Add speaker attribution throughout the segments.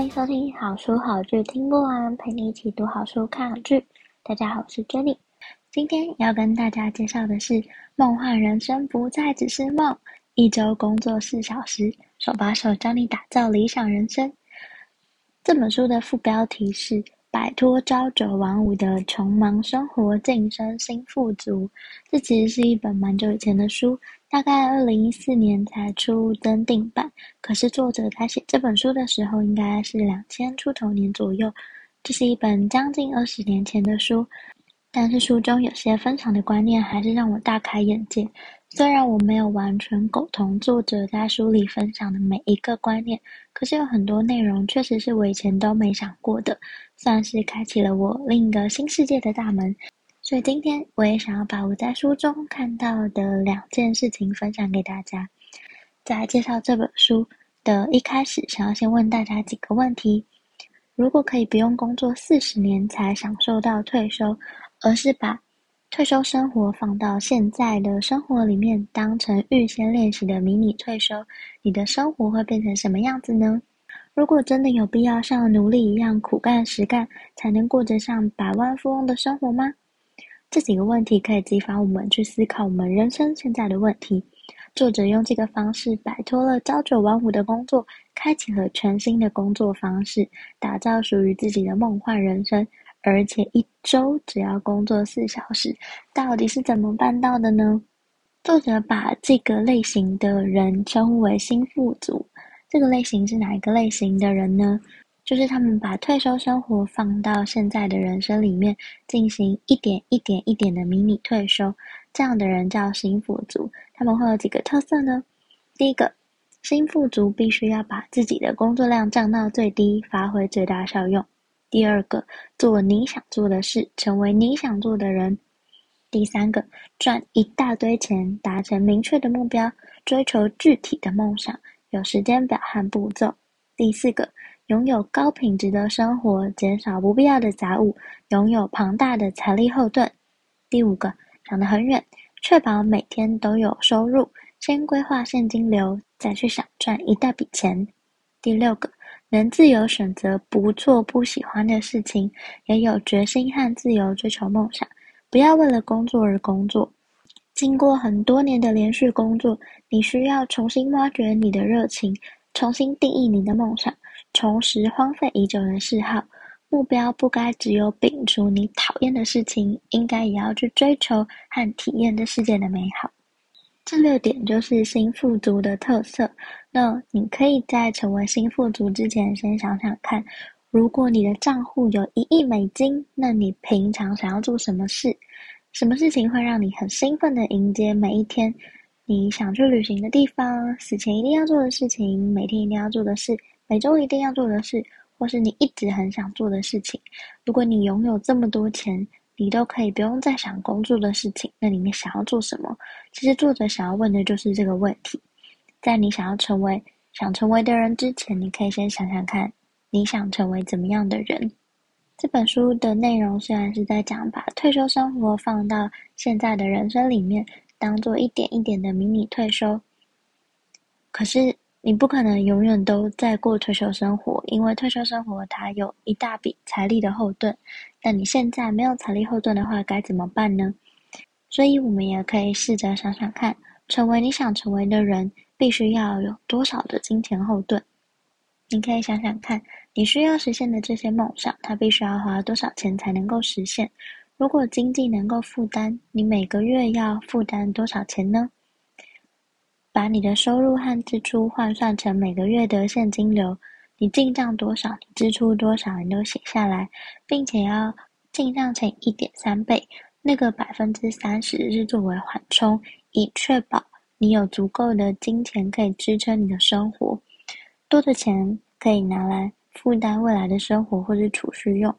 Speaker 1: 歡迎收聽好書好劇聽不完，陪你一起讀好書，看好劇。大家好，我是 Jenny，今天要跟大家介紹的是《夢幻人生不再只是夢》，一周工作四小時，手把手教你打造理想人生。這本書的副標題是：擺脫朝九晚五的窮忙生活，晉升新富足。這其實是一本蠻久以前的書，大概二零一四年才出增訂版。可是作者他寫這本書的時候，應該是兩千出頭年左右。這是一本將近二十年前的書，但是書中有些分享的觀念，還是讓我大開眼界。雖然我沒有完全苟同，作者在書裡分享的每一個觀念，可是有很多內容確實是我以前都沒想過的，算是開啟了我另一個新世界的大門。所以今天我也想要把我在書中看到的兩件事情分享給大家。在介紹這本書的一開始，想要先問大家幾個問題：如果可以不用工作四十年才享受到退休，而是把退休生活放到現在的生活裡面，當成預先練習的迷你退休，你的生活會變成什麼樣子呢？如果真的有必要像奴隸一樣苦幹實幹，才能過着像百萬富翁的生活嗎？這幾個問題可以激發我們去思考我們人生現在的問題。作者用這個方式擺脫了朝九晚五的工作，開啟了全新的工作方式，打造屬於自己的夢幻人生。而且一週只要工作四小時，到底是怎麼辦到的呢？作者把這個類型的人稱為“新富族”。這個類型是哪一個類型的人呢？就是他們把退休生活放到現在的人生裡面，進行一點一點一點的迷你退休。這樣的人叫“新富族”，他們會有幾個特色呢？第一個，“新富族”必須要把自己的工作量降到最低，發揮最大效用。第二個，做你想做的事，成為你想做的人。第三個，賺一大堆錢，達成明確的目標，追求具體的夢想，有時間表和步驟。第四個，擁有高品質的生活，減少不必要的雜物，擁有龐大的財力後盾。第五個，想得很遠，確保每天都有收入，先規劃現金流，再去想賺一大筆錢。第六個。能自由選擇不做不喜歡的事情，也有決心和自由追求夢想。不要為了工作而工作。經過很多年的連續工作，你需要重新挖掘你的熱情，重新定義你的夢想，重拾荒廢已久的嗜好。目標不該只有摒除你討厭的事情，應該也要去追求和體驗這世界的美好。這六點就是新富族的特色。那你可以在成為新富族之前，先想想看：如果你的賬戶有一億美金，那你平常想要做什麼事？什麼事情會讓你很興奮的迎接每一天？你想去旅行的地方？死前一定要做的事情？每天一定要做的事？每周一定要做的事？或是你一直很想做的事情？如果你擁有這麼多錢，你都可以不用再想工作的事情，那你想要做什麼？其實作者想要問的就是這個問題。在你想要成為想成為的人之前，你可以先想想看，你想成為怎麼樣的人？這本書的內容雖然是在講把退休生活放到現在的人生裡面，當做一點一點的迷你退休，可是，你不可能永遠都在過退休生活，因為退休生活它有一大筆財力的後盾。但你現在沒有財力後盾的話，該怎麼辦呢？所以我們也可以試着想想看，成為你想成為的人，必須要有多少的金錢後盾。你可以想想看，你需要實現的這些夢想，它必須要花多少錢才能夠實現？如果經濟能夠負擔，你每個月要負擔多少錢呢？把你的收入和支出換算成每個月的現金流，你進賬多少，你支出多少，你都寫下來，並且要進賬成一點三倍，那個百分之三十是作為緩衝，以確保你有足夠的金錢可以支撐你的生活，多的錢可以拿來負擔未來的生活或是儲蓄用。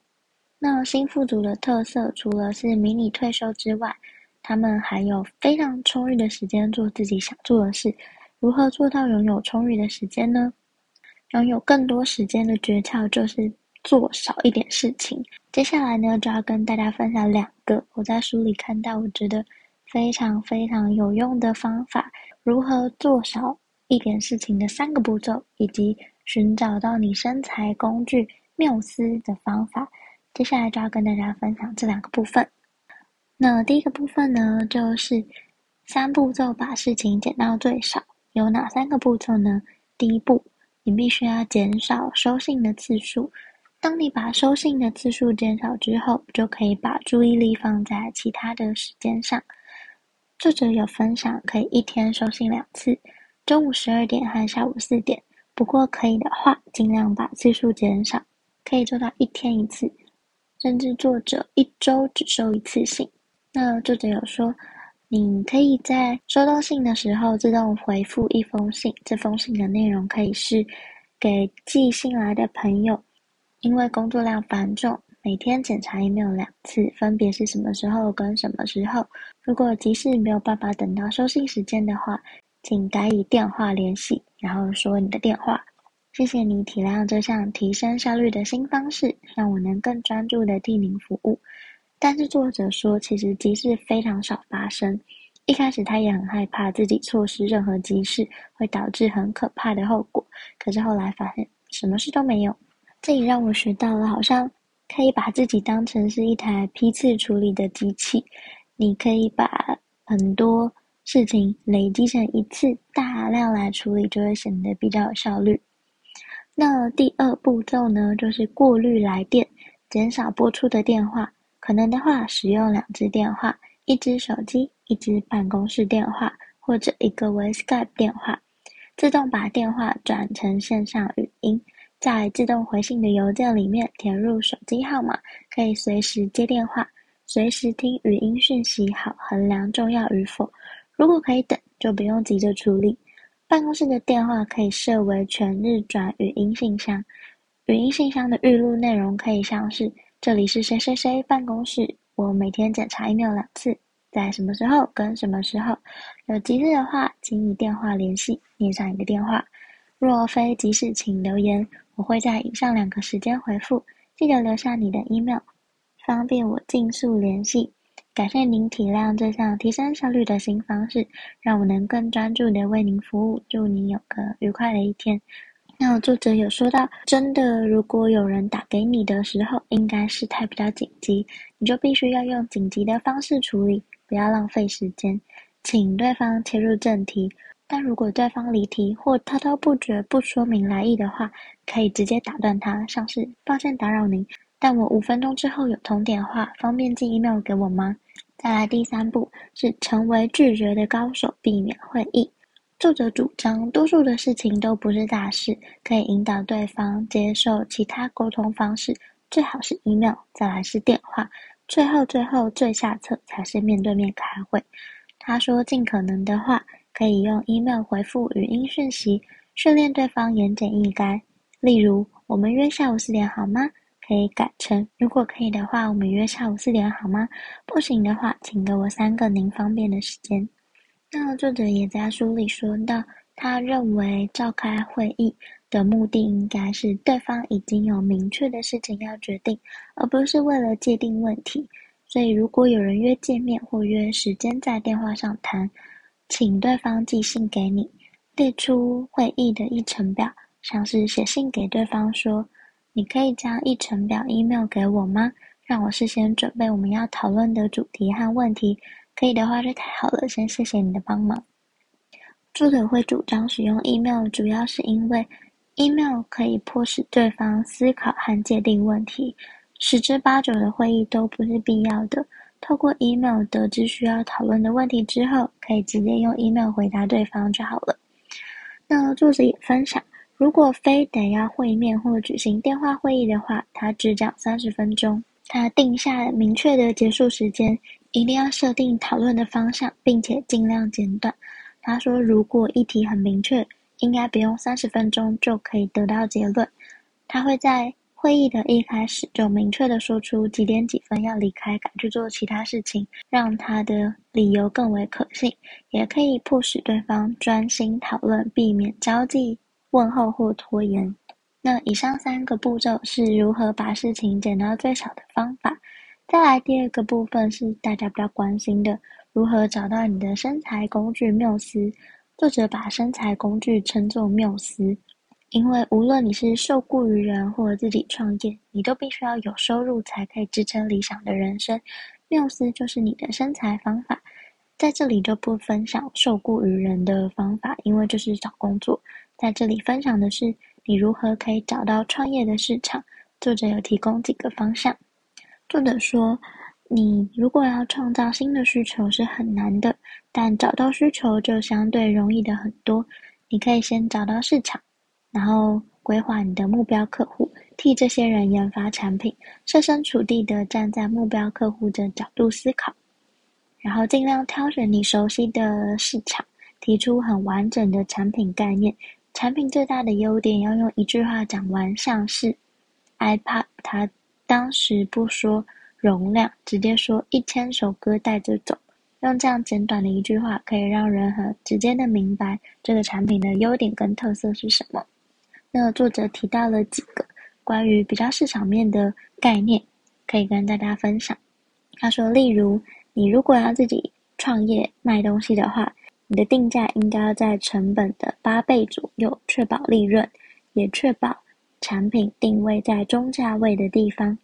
Speaker 1: 那新富族的特色除了是迷你退休之外，他們還有非常充裕的時間做自己想做的事。如何做到擁有充裕的時間呢？擁有更多時間的訣竅就是做少一點事情。接下來呢，就要跟大家分享兩個我在書裡看到我覺得非常非常有用的方法：如何做少一點事情的三個步驟，以及尋找到你生財工具繆斯的方法。接下來就要跟大家分享這兩個部分。那第一個部分呢，就是三步驟把事情減到最少。有哪三個步驟呢？第一步，你必須要減少收信的次數。當你把收信的次數減少之後，就可以把注意力放在其他的時間上。作者有分享，可以一天收信兩次，中午十二點和下午四點。不過可以的話，盡量把次數減少，可以做到一天一次，甚至作者一周只收一次信。那作者有說，你可以在收到信的時候，自動回復一封信，這封信的內容可以是給寄信來的朋友，因為工作量繁重，每天檢查 email 兩次，分別是什麼時候跟什麼時候。如果急事沒有辦法等到收信時間的話，請改以電話聯繫，然後說你的電話。謝謝你體諒這項提升效率的新方式，讓我能更專注地替您服務。但是作者說，其實急事非常少發生。一開始他也很害怕自己錯失任何急事，會導致很可怕的後果。可是後來發現什麼事都沒有，這也讓我學到了，好像可以把自己當成是一台批次處理的機器，你可以把很多事情累積成一次大量來處理，就會顯得比較有效率。那第二步驟呢，就是過濾來電，減少撥出的電話。可能的話，使用兩隻電話，一隻手機，一隻辦公室電話，或者一個為 Skype 電話，自動把電話轉成線上語音，在自動回信的郵件裡面填入手機號碼，可以隨時接電話，隨時聽語音訊息，好衡量重要與否。如果可以等，就不用急着處理。辦公室的電話可以設為全日轉語音信箱，語音信箱的預錄內容可以像是。這裡是誰誰誰辦公室，我每天檢查 email 兩次，在什麼時候跟什麼時候，有急事的話，請以電話聯繫，念上一個電話，若非急事，請留言，我會在以上兩個時間回覆，記得留下你的 email，方便我盡速聯繫，感謝您體諒這項提升效率的新方式，讓我能更專注的為您服務，祝您有個愉快的一天。那作者有說到，真的，如果有人打給你的時候，應該事態比較緊急，你就必須要用緊急的方式處理，不要浪費時間，請對方切入正題。但如果對方離題或滔滔不絕、不說明來意的話，可以直接打斷他，像是抱歉打擾您，但我五分鐘之後有通電話，方便寄 email 給我嗎？再來第三步是成為拒絕的高手，避免會議。作者主張，多數的事情都不是大事，可以引導對方接受其他溝通方式，最好是 email，再來是電話，最後最後最下策才是面對面開會。他說，盡可能的話，可以用 email 回復語音訊息，訓練對方言簡意賅。例如，我們約下午四點好嗎？可以改成，如果可以的話，我們約下午四點好嗎？不行的話，請給我三個您方便的時間。那作者也在書裡說到，他認為召開會議的目的應該是對方已經有明確的事情要決定，而不是為了界定問題。所以，如果有人約見面或約時間在電話上談，請對方寄信給你，列出會議的議程表。像是寫信給對方說：“你可以將議程表 email 給我嗎？讓我事先準備我們要討論的主題和問題。”可以的話就太好了，先謝謝你的幫忙。作者會主張使用 email，主要是因為 email 可以迫使對方思考和界定問題。十之八九的會議都不是必要的。透過 email 得知需要討論的問題之後，可以直接用 email 回答對方就好了。那作者也分享，如果非得要會面或舉行電話會議的話，他只講三十分鐘，他定下了明確的結束時間。一定要設定討論的方向，並且儘量簡短。他說，如果議題很明確，應該不用三十分鐘就可以得到結論。他會在會議的一開始就明確地說出幾點幾分要離開，趕去做其他事情，讓他的理由更為可信，也可以迫使對方專心討論，避免交際問候或拖延。那以上三個步驟是如何把事情簡到最少的方法。再來第二個部分是大家比較關心的，如何找到你的生財工具繆斯。作者把生財工具稱作繆斯，因為無論你是受雇於人或者自己創業，你都必須要有收入才可以支撐理想的人生。繆斯就是你的生財方法。在這裡就不分享受雇於人的方法，因為就是找工作。在這裡分享的是你如何可以找到創業的市場。作者有提供幾個方向。作者說：“你如果要創造新的需求是很難的，但找到需求就相對容易的很多。你可以先找到市場，然後規劃你的目標客戶，替這些人研發產品，設身處地的站在目標客戶的角度思考，然後盡量挑選你熟悉的市場，提出很完整的產品概念。產品最大的優點要用一句話講完，像是 iPod，它。”當時不說容量，直接說一千首歌帶着走，用這樣簡短的一句話，可以讓人很直接的明白這個產品的優點跟特色是什麼。那作者提到了幾個關於比較市場面的概念，可以跟大家分享。他說，例如你如果要自己創業賣東西的話，你的定價應該要在成本的八倍左右，確保利潤，也確保。產品定位在中價位的地方，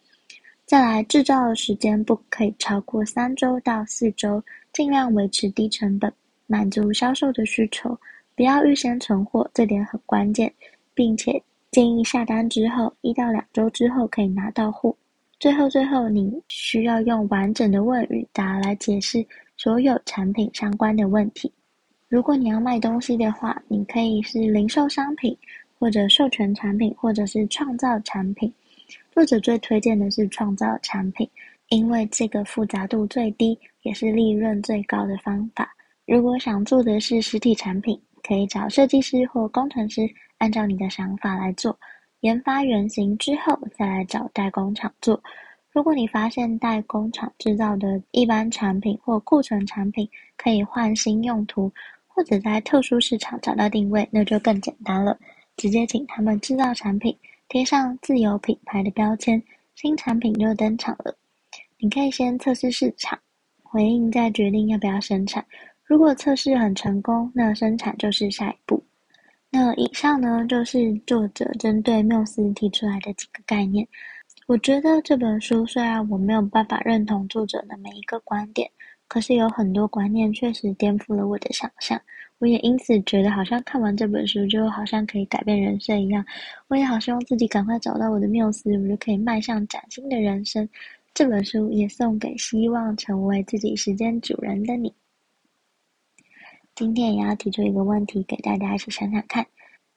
Speaker 1: 再來製造的時間不可以超過三周到四周，盡量維持低成本，滿足銷售的需求，不要預先存貨，這點很關鍵，並且建議下單之後一到兩周之後可以拿到貨。最後，最後你需要用完整的問與答來解釋所有產品相關的問題。如果你要賣東西的話，你可以是零售商品。或者授權產品，或者是創造產品。作者最推薦的是創造產品，因為這個複雜度最低，也是利潤最高的方法。如果想做的是實體產品，可以找設計師或工程師，按照你的想法來做。研發原型之後再來找代工廠做。如果你發現代工廠製造的一般產品或庫存產品可以換新用途，或者在特殊市場找到定位，那就更簡單了。直接請他們製造產品，貼上自有品牌的標籤，新產品就登場了。你可以先測試市場回應，再決定要不要生產。如果測試很成功，那生產就是下一步。那以上呢，就是作者針對繆斯提出來的幾個概念。我覺得這本書雖然我沒有辦法認同作者的每一個觀點，可是有很多觀念確實顛覆了我的想象。我也因此覺得，好像看完這本書，就好像可以改變人生一樣。我也好希望自己趕快找到我的繆斯，我就可以邁向嶄新的人生。這本書也送給希望成為自己時間主人的你。今天也要提出一個問題給大家一起想想看：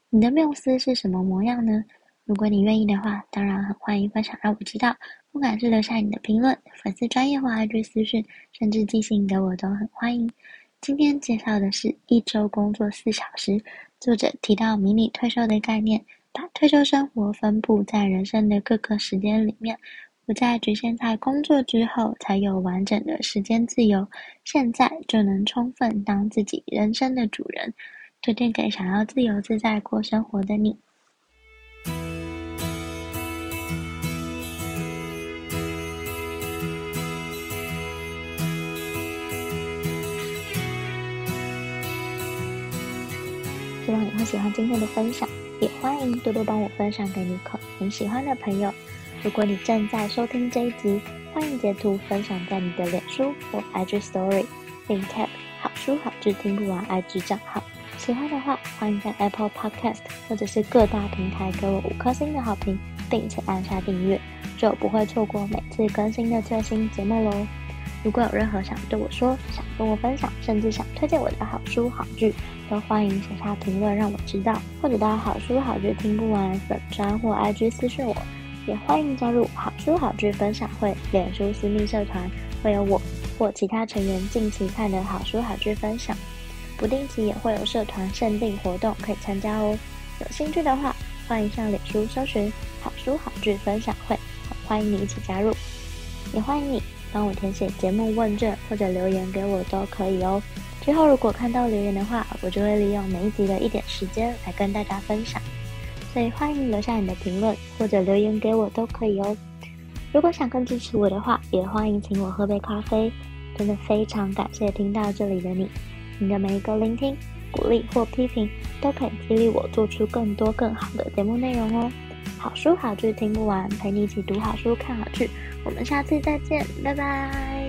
Speaker 1: 你的繆斯是什麼模樣呢？如果你願意的話，當然很歡迎分享讓我知道。不管是留下你的評論、粉絲專頁、IG 私訊，甚至寄信給我，都很歡迎。今天介紹的是一周工作四小時。作者提到“迷你退休”的概念，把退休生活分布在人生的各個時間裡面，不再局限在工作之後才有完整的時間自由。現在就能充分當自己人生的主人。推薦給想要自由自在過生活的你。如果你喜歡今天的分享，也歡迎多多幫我分享給你可能喜歡的朋友。如果你正在收聽這一集，歡迎截圖分享在你的臉書或 IG Story，並 tap 好書好劇聽不完 IG 賬號。喜歡的話，歡迎在 Apple Podcast 或者是各大平台給我五顆星的好評，並且按下訂閱，就不會錯過每次更新的最新節目嘍。如果有任何想對我說、想跟我分享，甚至想推薦我的好書好劇，都歡迎寫下評論讓我知道，或者到好書好劇聽不完粉專或 IG 私信我。也歡迎加入好書好劇分享會臉書私密社團，會有我或其他成員近期看的好書好劇分享，不定期也會有社團限定活動可以參加哦。有興趣的話，歡迎向臉書搜尋好書好劇分享會，歡迎你一起加入。也歡迎你幫我填寫節目問卷或者留言給我都可以哦。之後如果看到留言的話，我就會利用每一集的一點時間來跟大家分享，所以歡迎留下你的評論或者留言給我都可以哦。如果想更支持我的話，也歡迎請我喝杯咖啡。真的非常感謝聽到這裡的你，你的每一個聆聽、鼓勵或批評，都可以激勵我做出更多更好的節目內容哦。好書好劇聽不完，陪你一起讀好書、看好劇。我們下次再見，拜拜。